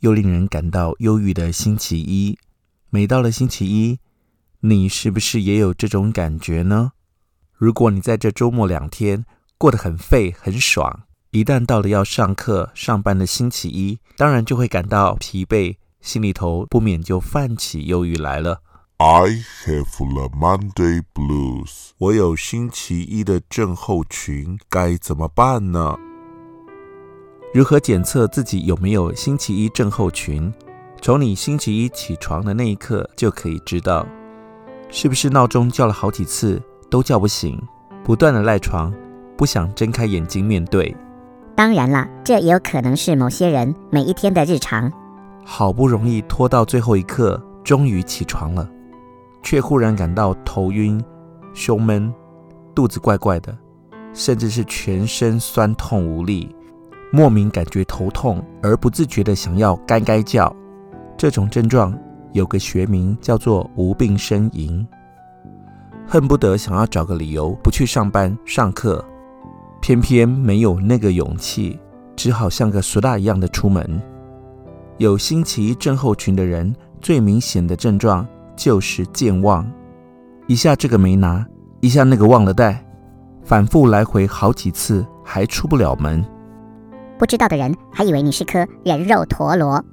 又令人感到憂鬱的星期一，每到了星期一，你是不是也有這種感覺呢？如果你在這周末兩天過得很廢很爽，一旦到了要上課上班的星期一，當然就會感到疲憊，心裡頭不免就泛起憂鬱來了。I have the Monday Blues，我有星期一的症候群，該怎麼辦呢？如何檢測自己有沒有星期一症候群？從你星期一起床的那一刻就可以知道，是不是鬧鐘叫了好幾次都叫不醒，不斷的賴床，不想睜開眼睛面對？當然了，這也有可能是某些人每一天的日常。好不容易拖到最後一刻，終於起床了，卻忽然感到頭暈、胸悶、肚子怪怪的，甚至是全身酸痛無力。莫名感覺頭痛，而不自覺的想要該該叫。這種症狀有個學名叫做無病呻吟。恨不得想要找個理由不去上班、上課，偏偏沒有那個勇氣，只好像個蘇大一樣的出門。有星期一症候群的人，最明顯的症狀就是健忘。一下這個沒拿，一下那個忘了帶，反覆來回好幾次，還出不了門。不知道的人還以為你是顆人肉陀螺。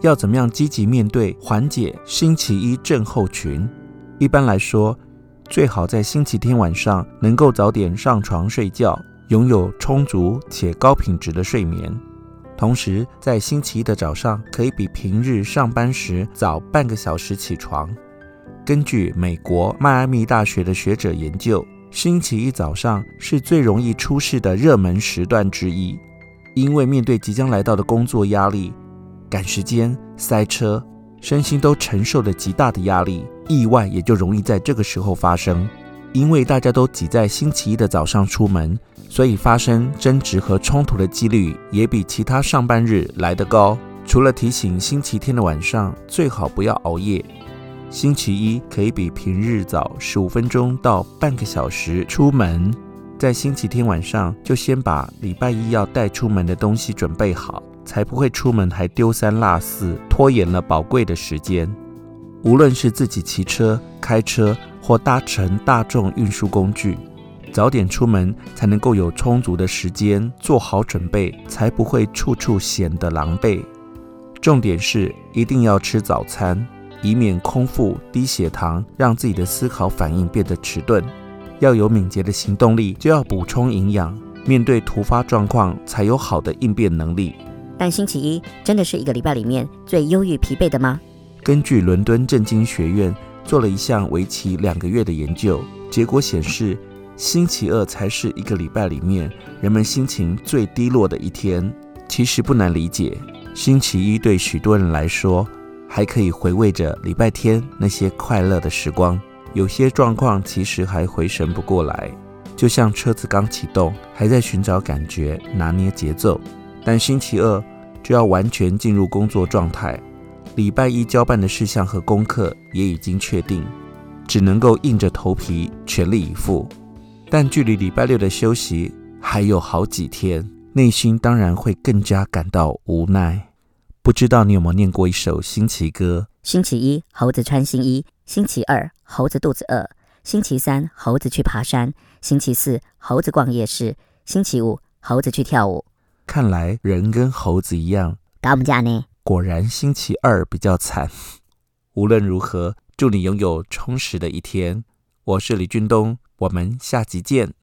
要怎麼樣積極面對緩解星期一症候群？一般來說，最好在星期天晚上能夠早點上床睡覺，擁有充足且高品質的睡眠。同時，在星期一的早上可以比平日上班時早半個小時起床。根據美國邁阿密大學的學者研究，星期一早上是最容易出事的熱門時段之一。因為面對即將來到的工作壓力、趕時間、塞車，身心都承受着極大的壓力，意外也就容易在這個時候發生。因為大家都擠在星期一的早上出門，所以發生爭執和衝突的幾率也比其他上班日來得高。除了提醒星期天的晚上最好不要熬夜，星期一可以比平日早十五分鐘到半個小時出門。在星期天晚上，就先把禮拜一要帶出門的東西準備好，才不會出門還丟三落四，拖延了寶貴的時間。無論是自己騎車、開車或搭乘大眾運輸工具，早點出門才能夠有充足的時間做好準備，才不會處處顯得狼狽。重點是一定要吃早餐，以免空腹低血糖，讓自己的思考反應變得遲鈍。要有敏捷的行動力，就要補充營養，面對突發狀況才有好的應變能力。但星期一真的是一個禮拜裡面最憂鬱、疲憊的嗎？根據倫敦政經學院做了一項為期兩個月的研究，結果顯示，星期二才是一個禮拜裡面人們心情最低落的一天。其實不難理解，星期一對許多人來說，還可以回味着禮拜天那些快樂的時光。有些狀況其實還回神不過來，就像車子剛啟動，還在尋找感覺、拿捏節奏。但星期二就要完全進入工作狀態，禮拜一交辦的事項和功課也已經確定，只能夠硬着頭皮全力以赴。但距離禮拜六的休息還有好幾天，內心當然會更加感到無奈。不知道你有沒有唸過一首星期歌？星期一，猴子穿新衣；星期二，猴子肚子餓；星期三，猴子去爬山；星期四，猴子逛夜市；星期五，猴子去跳舞。看來人跟猴子一樣，搞不假呢。果然星期二比較慘。無論如何，祝你擁有充實的一天。我是李俊東，我們下集見。